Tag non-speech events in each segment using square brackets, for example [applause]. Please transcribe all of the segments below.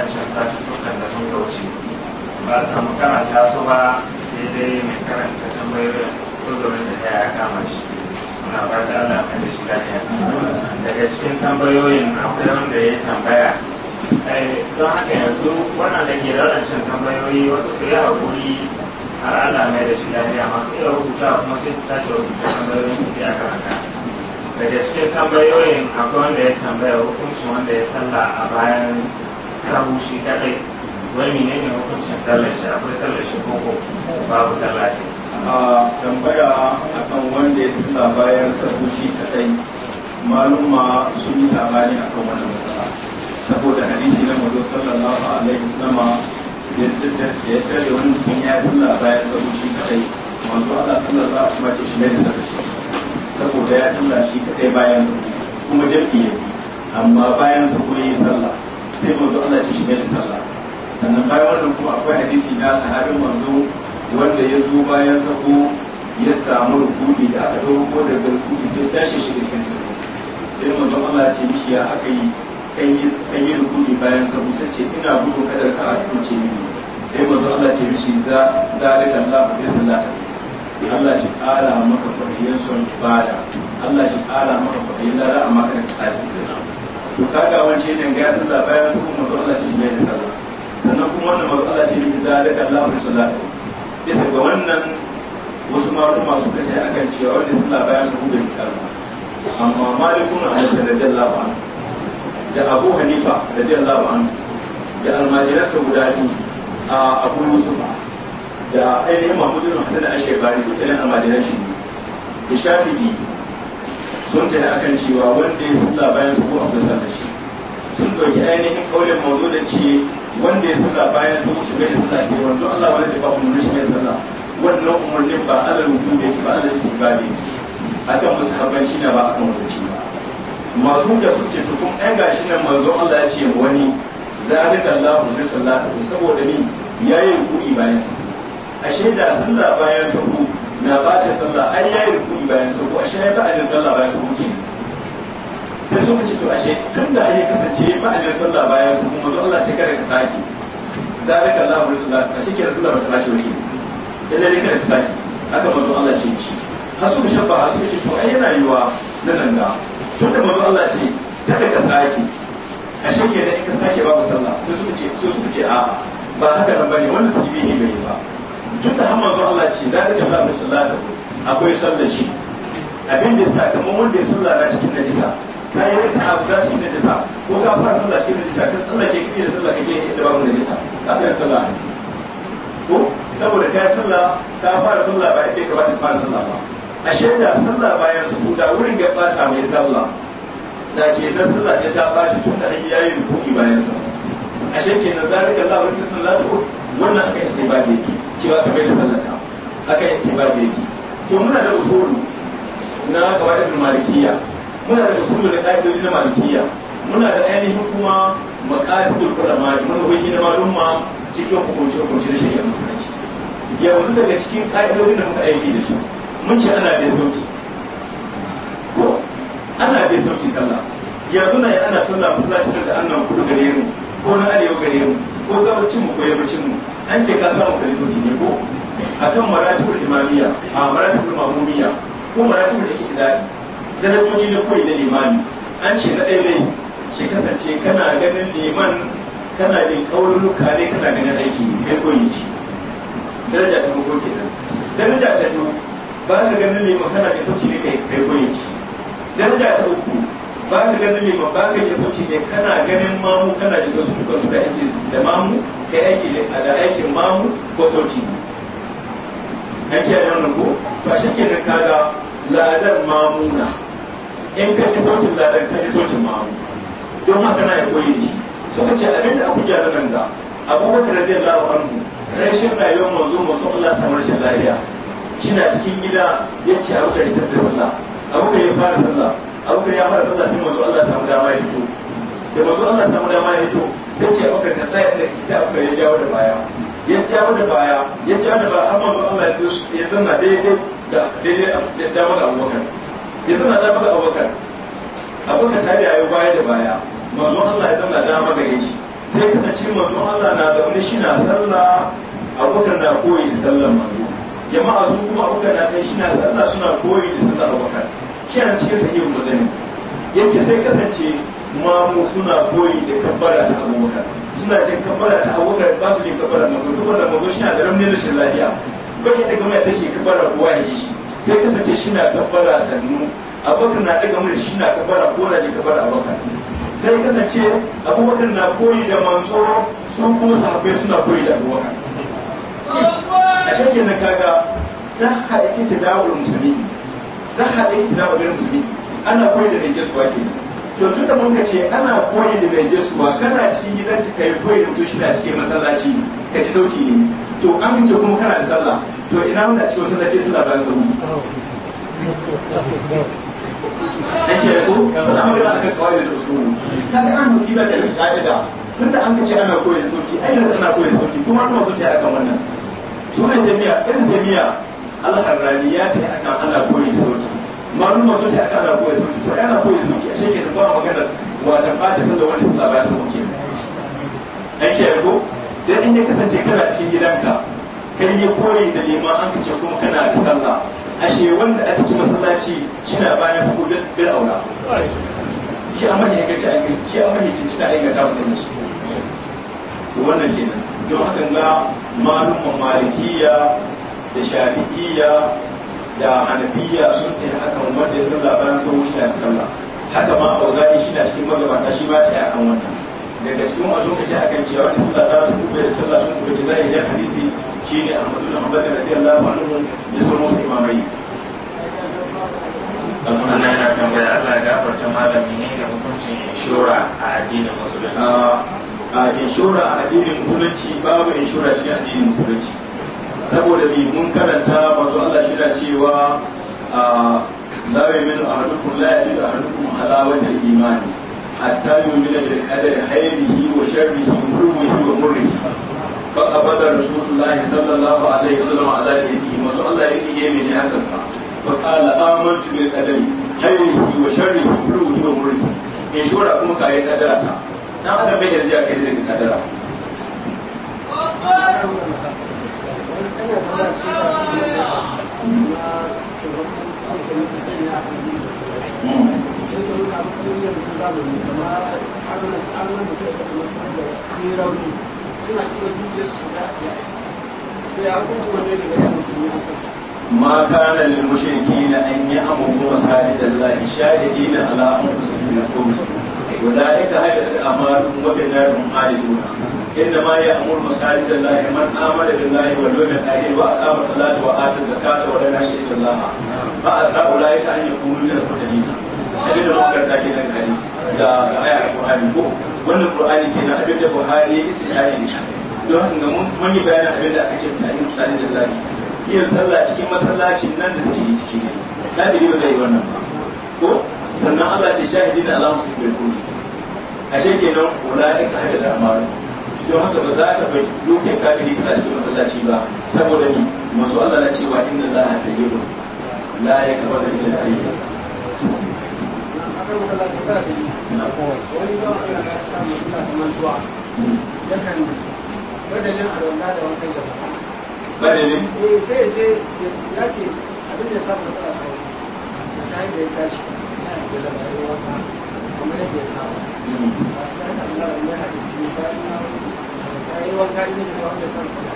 waɗancan sashen da sun wuce ba su samu karanta su ba sai dai mai karanta tambayoyin uzurin da ta ya kama shi ba fata ala kan da shi lafiya daga cikin tambayoyin akwai wanda ya tambaya don haka yanzu wannan da ke lalacin tambayoyi wasu su yi haƙuri har ala mai da shi lafiya masu iya rubuta kuma sai su sake rubuta tambayoyin su sai a karanta daga cikin tambayoyin akwai wanda ya tambaya hukuncin wanda ya sallah a bayan ka bushe kadai wani ne ne hukuncin sallar shi akwai sallar shi ko ko babu sallar shi a tambaya akan wanda ya salla bayan sabuci kadai maluma sun yi sabani akan wannan matsala saboda hadisi na mazo sallallahu alaihi wasallam da ya tare wani mutum ya salla bayan sabuci kadai manzo Allah sallallahu alaihi wasallam ce shi ne sallar shi saboda ya salla shi kadai bayan kuma jami'i amma bayan sa ko yi sallah sai manzo Allah ce shi mai sallah sannan bayan wannan kuma akwai hadisi na sahabin manzo wanda ya zo bayan sako ya samu rukuki da aka dauko daga rukuki sai tashi shi da kansa sai manzo Allah ce mishi ya aka yi kan yi rukuki bayan sako sai ce ina gudun kadar ka a ce mini sai manzo Allah ce mishi za zalika Allah sai sallah Allah shi kara maka fadiyan son bada Allah shi kara maka fadiyan lara amma kada da sai to kaga wance shi ne ga sallah bayan su kuma zo Allah shi mai sallah sannan kuma wannan manzo Allah ce shi ne zalika Allahu salatu bisa ga wannan wasu maruma suka ta akan cewa wanda sallah bayan su bai sallah amma malikun Anas radiyallahu anhu da Abu Hanifa radiyallahu anhu da almajiransa guda biyu a Abu Yusuf da ainihin Mahmud bin Hasan al-Shaybani dukkanin almajiran shi ne da Shafi'i sun tafi kan cewa wanda ya sallah bayan su a kusa da shi sun ɗauki ainihin ƙaunin mazo da ce wanda ya sallah bayan su shi bai sallah ke wanda Allah wani da ba umarni shi bai sallah wannan umarnin ba ala rubu ne ba alal A kan musu haban shi na ba kan hukunci ba masu da suke tukun ɗan gashi nan mazo Allah ya ce wani zalika Allahu bi sallatikum saboda ni yi ruku'i bayan su ashe da sallah bayan sahu na bacin sallah har ya yi rukuni bayan sauko ashe ya ba'adin sallah bayan sauko ke sai suka ce to ashe tun da ya kasance ba'adin sallah bayan sauko manzo Allah ce kada ka sake zalika Allah wa rasulullah ashe ke rasulullah ba ta lace wake illa ne kada ka sake haka manzo Allah ce shi hasu da shabba hasu ce to ai yana yiwa na nan da tun da manzo Allah ce kada ka saki ashe ke da in ka sake babu sallah sai suka ce sai suka ce a ba haka nan bane wannan tibi ne bai ba tun da hamman zuwa Allah ce da rike Allah mai sallata akwai sallar shi abin da yasa kamar wanda ya sallar na cikin nisa ka yi rika a guda cikin nisa ko ka fara sallar cikin najisa Allah tsallake kake da sallah kake da babu nisa ka fara sallar ko saboda ka yi sallah ka fara sallar ba inda ka ba ta fara sallar ba ashe da sallar bayan su huda wurin ya bata mai sallah da ke na sallah ta ta bashi tun da ya yayin rukuki bayan sa ashe kenan zarika Allah wa ko wannan aka yi sai ba da yake cewa ka bai da sallaka haka yin sai babu yake to muna da usulu na kawai malikiya muna da usulu na ƙa'idodi na malikiya muna da ainihin kuma maqasidul ulama manufofi na malumma cikin hukunci hukunci da shari'a musulunci yanzu daga cikin ƙa'idodin da muka aiki da su mun ce ana da sauki ko ana da sauki sallah yanzu na ana sallah musulunci da annan kudu gare mu ko na alewa gare mu ko gabacin mu ko yabacin mu an ce ka samu kiristoci ne ko a kan maratibul imamiyya a maratibul mamumiyya ko maratibul ikhtidai darajoji na koyi da Limani. an ce na ɗaya ne shi kasance kana ganin liman kana jin luka ne kana ganin aiki kai koyi shi daraja ta ke kenan daraja ta biyu ba ka ganin liman kana jin sauci ne kai kai koyi shi daraja ta uku ba ka ganin liman ba ka jin sauci ne kana ganin mamu kana jin sauci duka suka aiki da mamu Ka aiki da aikin mamu ko sauti an kiyaye wannan ko ba shi ke nan kaga ladan mamuna in ka ji sautin ladan ka ji sautin mamu don haka na ya koyi shi suka ce abin da aku gyara nan ga abubakar radiyallahu anhu rashin rayuwar manzo manzo Allah samar shi lafiya kina cikin gida ya ce abu ka shitar da sallah abu ka ya fara sallah abu ka ya fara sallah sai manzo Allah samu dama ya fito da manzo Allah samu dama ya fito sai ce abubakar ka tsaya da sai aka ya jawo da baya ya jawo da baya ya jawo da baya amma ba Allah ya zanna daidai da daidai da maka abubakar ya zanna da maka abubakar abubakar tare ya yi baya da baya manzo Allah ya zanna da maka gare shi sai kasance manzo Allah na zaune shi na sallah abubakar na koyi sallar manzo jama'a su kuma abubakar na kai shi na sallah suna koyi da sallar abubakar kiyan na cikin sahihul muslim yace sai kasance mamu suna koyi da kabbara ta abubakar suna da kabbara ta abubakar ba su jin kabbara na ba wanda mago shi na da ramne rashin lafiya ba ya daga mai tashi kabbara ko ya shi sai kasance shi na kabbara sannu abubakar na daga mai shi na kabbara ko na jin kabbara abubakar sai kasance abubakar na koyi da manzo su kuma sahabbai suna koyi da abubakar a shakin na kaga saha da ke tadawar musulmi saha da ke da musulmi ana koyi da rike suwa kenan to tun da muka ce ana koyi da bai jesuwa kana cikin gidan ka yi koyi da shi da cikin masallaci ka ji sauti ne to an ce kuma kana da sallah to ina wanda cikin masallaci sallah bayan sahu ake da ko wani abu da aka kawai da usulu kaga an hutu ba da tun da an ana koyi da sauti ai yanzu ana koyi da sauti kuma ana sauti a kan wannan sunan jami'a irin jami'a al-harrani ya ta akan ana koyi da sauti malum masu da aka ana koyi sauki to ana koyi sauki a shekin ke ba magana wata ɓata sanda wani sallah ba ya samu ke an ke ko dan in ya kasance kana cikin gidanka kai ya koyi da liman an kace kuma kana da sallah ashe wanda a cikin masallaci shina bayan su bil bil aula shi a mani ga ta aiki shi a mani ce shina aika ta musulmi shi to wannan kenan don haka ga malumman malikiya da shafi'iyya da hanafiya sun ta akan wanda ya sun bayan ta wuce da sallah haka ma wuzari shi na cikin magabata shi ba ta yi akan wannan daga cikin masu kace akan cewa wani sun za su kuɓe da sallah sun kuɓe da zai yi hadisi shine ahmadu bin hanbal da anhu da sauran wasu imamai Allah yana tambaya Allah ya gafarta malami ne da hukuncin inshora a addinin musulunci. A ah, ah, inshora a addinin musulunci babu inshora cikin addinin musulunci. saboda bi mun karanta manzo Allah shi na cewa a lawi min ahadukum la yajid ahadukum halawatal imani hatta yu'mina bil qadari khayrihi wa sharrihi kullihi wa murrihi fa abada rasulullah sallallahu alaihi wasallam ala yadihi manzo Allah ya dige mene hakan ka fa qala amantu bil qadari khayrihi wa sharrihi kullihi wa murrihi in shura kuma kai kadara ta dan adam bai yarda kai da kadara zamani kamar arnan da suka kuma suna da sun rauni suna iya duje su da iyaye to ya hukunci wanda daga yan musulmi a sassa ma kana lil mushrikina an ya'muru masajidallahi shahidina ala anfusihim وذلك هيئة أعمال وبنارهم خالدون إنما يأمر مساجد الله من آمن بالله واليوم الآخر وأقام الصلاة وآتى الزكاة ولم يشرك الله فأسى أولئك أن يكونوا من المتقين abin da muka karanta kenan hadisi da ga ayar Qur'ani ko wannan Qur'ani kenan abin da Buhari ya ce ayi ne don haka mun yi bayanin abin da aka ce ta yi misali da zaki yin sallah cikin masallacin nan da suke yi ciki ne kafiri ba zai yi wannan ba ko sannan Allah ce shahidi na Allah su bai kuri ashe kenan ka hada da amaru don haka ba za ka bai dokin kafiri ka cikin masallaci ba saboda ni manzo Allah na cewa inna Allah tayyibun la yakbalu illa tayyibun wani ba ana ya samun suna kamar zuwa yakan madalin alwala da wankan gaba madalin eh sai ya je ya ce abin da ya samu da tsara kawai da sai da ya tashi ya da jalaba ya wanka kamar yadda ya samu ba su haka Allah da mai hadisi ne bayan na ya yi wanka ina da wanda san sana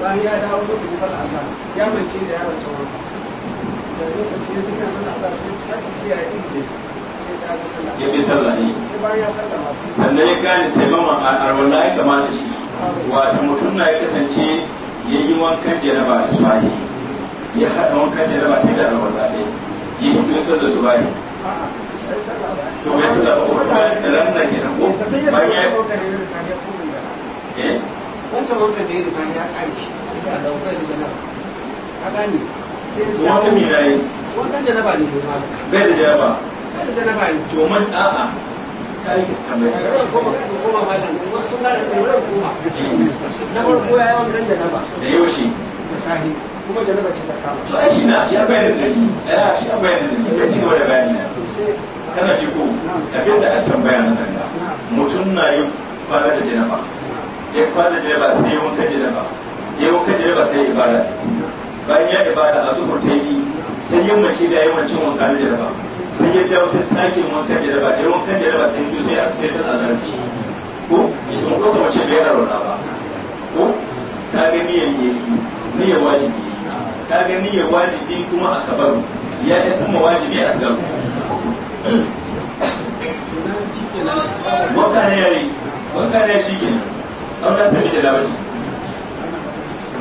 bayan ya dawo lokacin sallah azhar ya mance da ya wancan wanka da lokaci ya tafiya sallah za ta ga sallah ya bi sallah sannan ya gane taimakon arwala ya kamata shi wata mutum na ya kasance ya yi wankan jaraba da suwahi ya haɗa wankan jaraba ta da arwala ɗaya ya yi kulisar da suwahi to bai sallah ba ko da ranar kenan ko bayan ya yi eh? wancan wankan da ya da sahiya aiki a daukar da jana a wankan na yayi wankan janaba ne ma bai da janaba bai da janaba ne to man a'a sai ki tambaya kuma kuma malam wasu na da wurin kuma eh. na farko yayi wankan janaba da yoshi da sahi kuma janaba ce ta kama to ai na shi bai da zai eh shi bai da zai sai ci gaba da bayani kana ji ko abin da aka tambaya na kanta mutum na yi fara da janaba ya fara da janaba sai kan janaba ya kan janaba sai ibada bayan ya ibada a zuhur ta yi sai yin mace da yawan cin wanka da jaraba sai ya dawo sai sake wankan jaraba da wankan jaraba sai yi sai sai sai azar da ko ko in ko mace da ya rona ba ko ta ga niyyar yi niyyar wajibi ta ga niyyar wajibi kuma a kabaru ya yi ma mawajibi a sagaru wanka ne yare wanka ne shi kenan an sami da lawaji.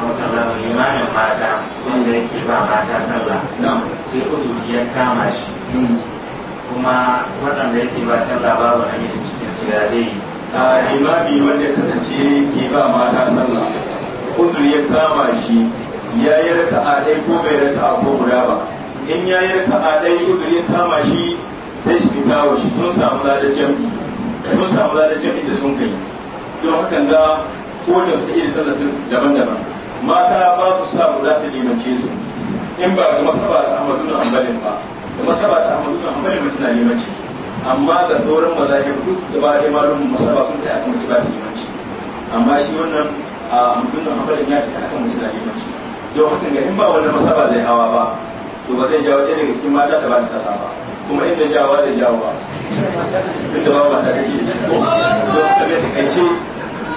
Mutanen limanin mata wanda yake ba mata sallah sai uzuri ya kama shi hmm. kuma waɗanda yake ba sallah babu namiji cikin su ya dai a imami wanda kasance ke ba mata sallah uzuri ya kama shi ya yi raka a ɗai ko bai raka ko guda ba in ya yi raka a ɗai uzuri ya kama shi sai shi fita wa shi sun samu ladar jami'i sun samu ladar jami'i da sun kai don hakan ga kowace su ta iya sallah daban-daban mata ba su sa guda ta limance su in ba ga masaba ta amadu na Hanbalin ba da masaba ta amadu na Hanbalin mace na limanci amma ga sauran mazahir duk da ba da malumin masaba sun kai akan mace ba ta limanci amma shi wannan a Ahmadu na Hanbalin ya kai akan mace na limanci don haka ga in ba wannan masaba zai hawa ba to ba zai jawo ɗaya daga cikin mata ta ba da sallah ba kuma inda jawo da jawo ba duk da ba ba ta kake ko don haka bai takaice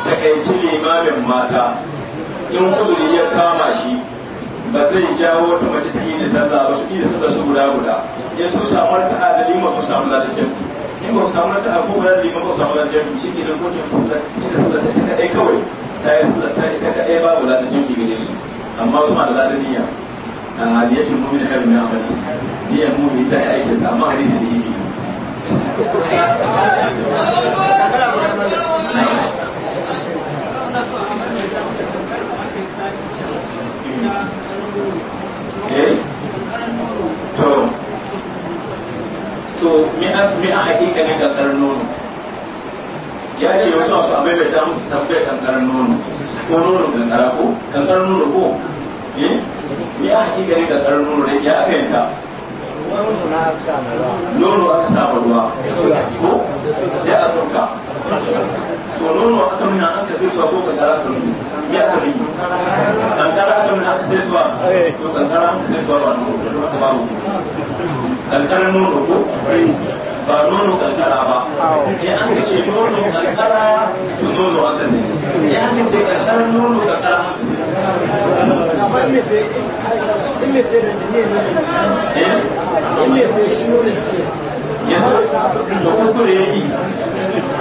takaice limamin mata in uzuri ya kama shi ba zai jawo ta mace ta yi sallah ba su yi sallah su guda guda in su samu raka a da su samu da jam'i in ba su samu raka a guda da lima ba su samu da jam'i shi ke da kotun sallah ta ita kaɗai kawai ta yi sallah ta ita kaɗai babu da jam'i gare su amma su ma da zaɗa niyya a hadiyatul mu'min khairun min amali niyyar mu'min ta yi aikin sa amma a hadisi da yi Thank you. Eh? to to me an me a nono ya ce wasu masu abai bai ta musu kankarar nono ko nono kankara ko kankarar nono ko eh me a hakika ne kankarar nono ne ya aka yanta nono aka sa ruwa ko sai a tsoka to nono aka an ka sai ko kankara ka nuna ya aka nuna kankara aka nuna aka sai suwa to kankara an ka suwa ba nono don haka babu kankara nono ko ba nono kankara ba ya an ka ce nono kankara to nono aka sai ya an ka ce kankara nono kankara amma in me in me sai ne ne eh? in me sai shi nono sai ya so da kuskure ya yi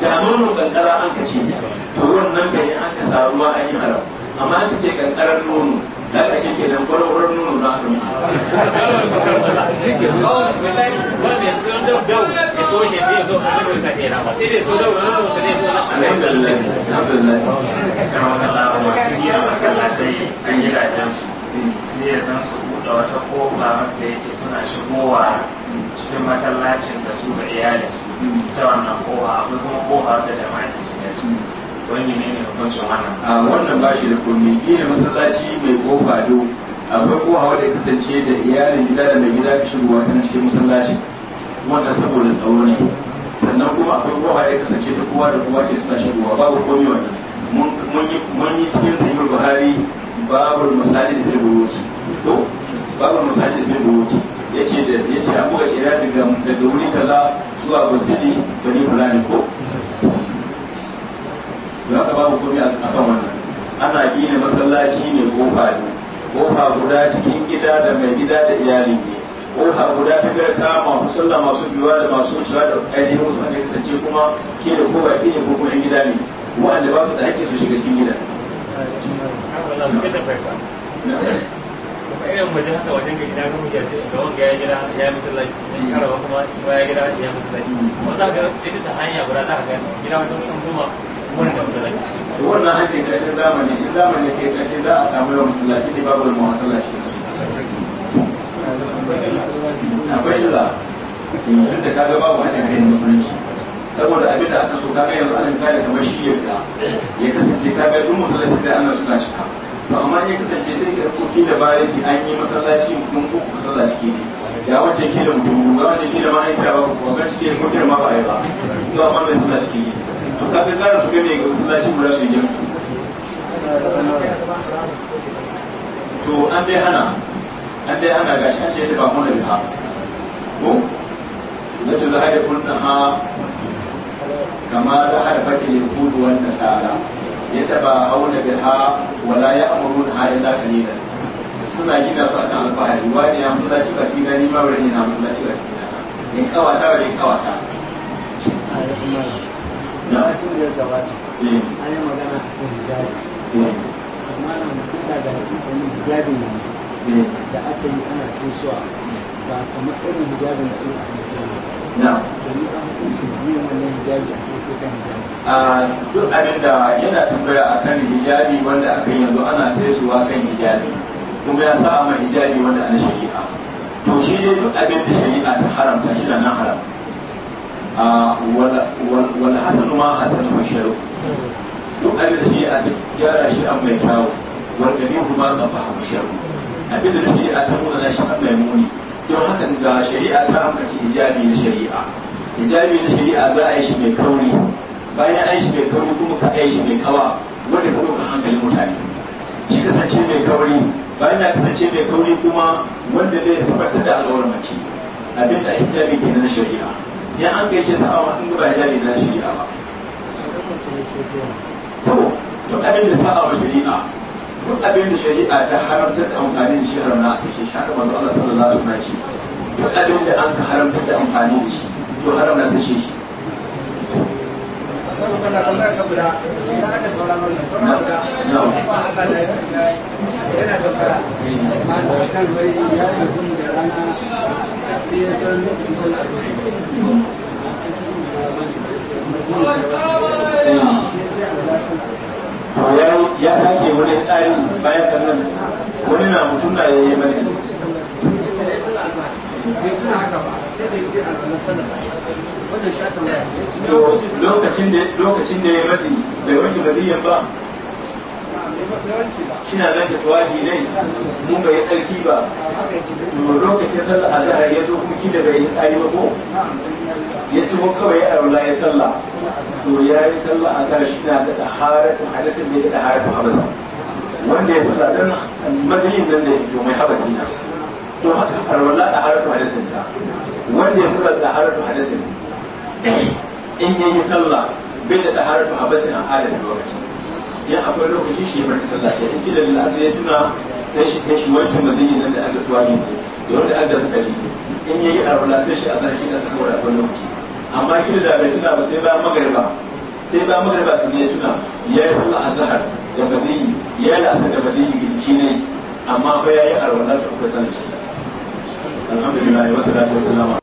da nono kankara an ka cinya to ruwan nan bai yi an ka sa ruwa an yi haram amma an ce kankarar nono da ka shi kenan kwarwarar nono na aka Alhamdulillah. Sai ya su buɗe wata kofa wanda yake suna shigowa cikin masallacin da su da iyalinsu ta wannan koha akwai kuma koha da jama'a da shiga ciki wani ne ne hukuncin wannan a wannan ba shi da komai gina masallaci mai kofa do akwai koha wanda ya kasance da iyalin gida da mai gida ka shigowa ta cikin masallaci wannan saboda tsaro ne sannan kuma akwai koha da ya kasance ta kowa da kowa ke suna shigowa babu komai wannan mun yi cikin sahihul buhari babu misali da buruji da babu ya ce da ya ce abuwa ga shari'a daga daga wuri kaza zuwa ni kula ne ko to haka babu komi a kan wannan ana gina masallaci ne kofa ne kofa guda cikin gida da mai gida da iyali ne kofa guda ta garta masu sallah masu biyuwa da masu wucewa da ainihin wasu wanda kasance kuma ke da kowa ke ne ko kuma gida ne wa'anda ba su da hakkin su shiga cikin gida. [laughs] irin wajen haka wajen ga gida ruhu ya sai ga wanga ya gida ya masallaci dan karawa kuma shi ya gida ya masallaci kuma za ga da bisa hanya guda za ga gida wajen kusan goma wani da masallaci wannan an ce ƙarshen zamani in zamani ke ƙarshe za a samu yawan masallaci ne babu wani masallaci akwai illa duk da kaga babu haɗin kai musulunci saboda abin da aka so kaga yanzu an kare kamar shi yadda ya kasance kaga duk masallaci da ana suna cika to amma ya kasance sai ka ɗauko kila bariki an yi masallaci mutum ku masallaci ke ne ya wace kila mutum ga wace kila ma an kira ba ko ga cike ko kira ma ba ai ba to amma sai masallaci ke ne to ga gara su ga me ga masallaci guda rashin yi to an dai hana an dai hana shi an ce ba mu da ha ko da ta zahara kunna ha kamar kama zahara bakin kudu wannan sara يتباهون بها ولا يأمرونها إلا ya musu zaci baki na nima wurin na in kawata wa in da ya gabata eh. an yi magana a hijabi eh. amma na bisa ga hakikanin hijabin yanzu eh. da aka yi ana sun suwa ba kamar irin hijabin da ake a na ah, duk abin da yana tambaya a kan hijabi wanda aka yanzu ana sai suwa kan hijabi kuma ya sa ma hijabi wanda ana shari'a to shi dai duk abin da shari'a ta haramta shi na nan haram ah, wal hasanu ma hasanu wa sharu duk abin da shari'a ta gyara shi an mai kyawu wal kabihu ma qabahu sharu abin da shari'a ta nuna shi an mai muni don hakan ga shari'a ta ambaci hijabi na shari'a hijabi na shari'a za a yi shi mai kauri bayan an shi mai kauri kuma ka yi shi mai kawa wanda ka ɗauka hankalin mutane shi kasance mai kauri bayan ya kasance mai kauri kuma wanda zai sabarta da al'awar mace abin da hijabi ke na shari'a ya an kai shi sa'a wa ba hijabi na shari'a ba to abin da sa'a wa shari'a duk abin da shari'a ta haramtar da amfani da shi haramna a sake shi haka manzo Allah sallallahu alaihi wasallam ce duk abin da an ka haramtar da amfani da shi to haramna sake shi yana ya sake wani tsari bayan sannan wani na mutum da ya yi mai lokacin da ya matsi bai wanke baziyar ba kina gashi tuwaji ne mun bai tsarki ba to lokacin sallah azhar ya zo kuma kida bai tsari ba ko ya tuho kawai a rula ya sallah to ya yi sallah azhar shi na da taharatu hadisin ne da taharatu hamsa wanda ya sallah dan mazayin nan da yake mai habasi na to haka arwala da haratu hadisin ta wanda ya sallah da haratu hadisin in yayi sallah bai da taharatu habasin a halin lokaci ya akwai lokaci shi bar sallah ya in kila lalla sai ya tuna sai shi sai shi wancan maziyi nan da aka tuwa ne da wanda aka tsari in ya yayi arwala sai shi a zarki da saboda akwai lokaci amma kila da bai tuna ba sai ba magariba sai ba magariba sai ya tuna ya yi sallah azhar da maziyi ya yi asar da maziyi ga jiki ne amma ba ya yi arwala da akwai sallah alhamdulillah wa salatu wa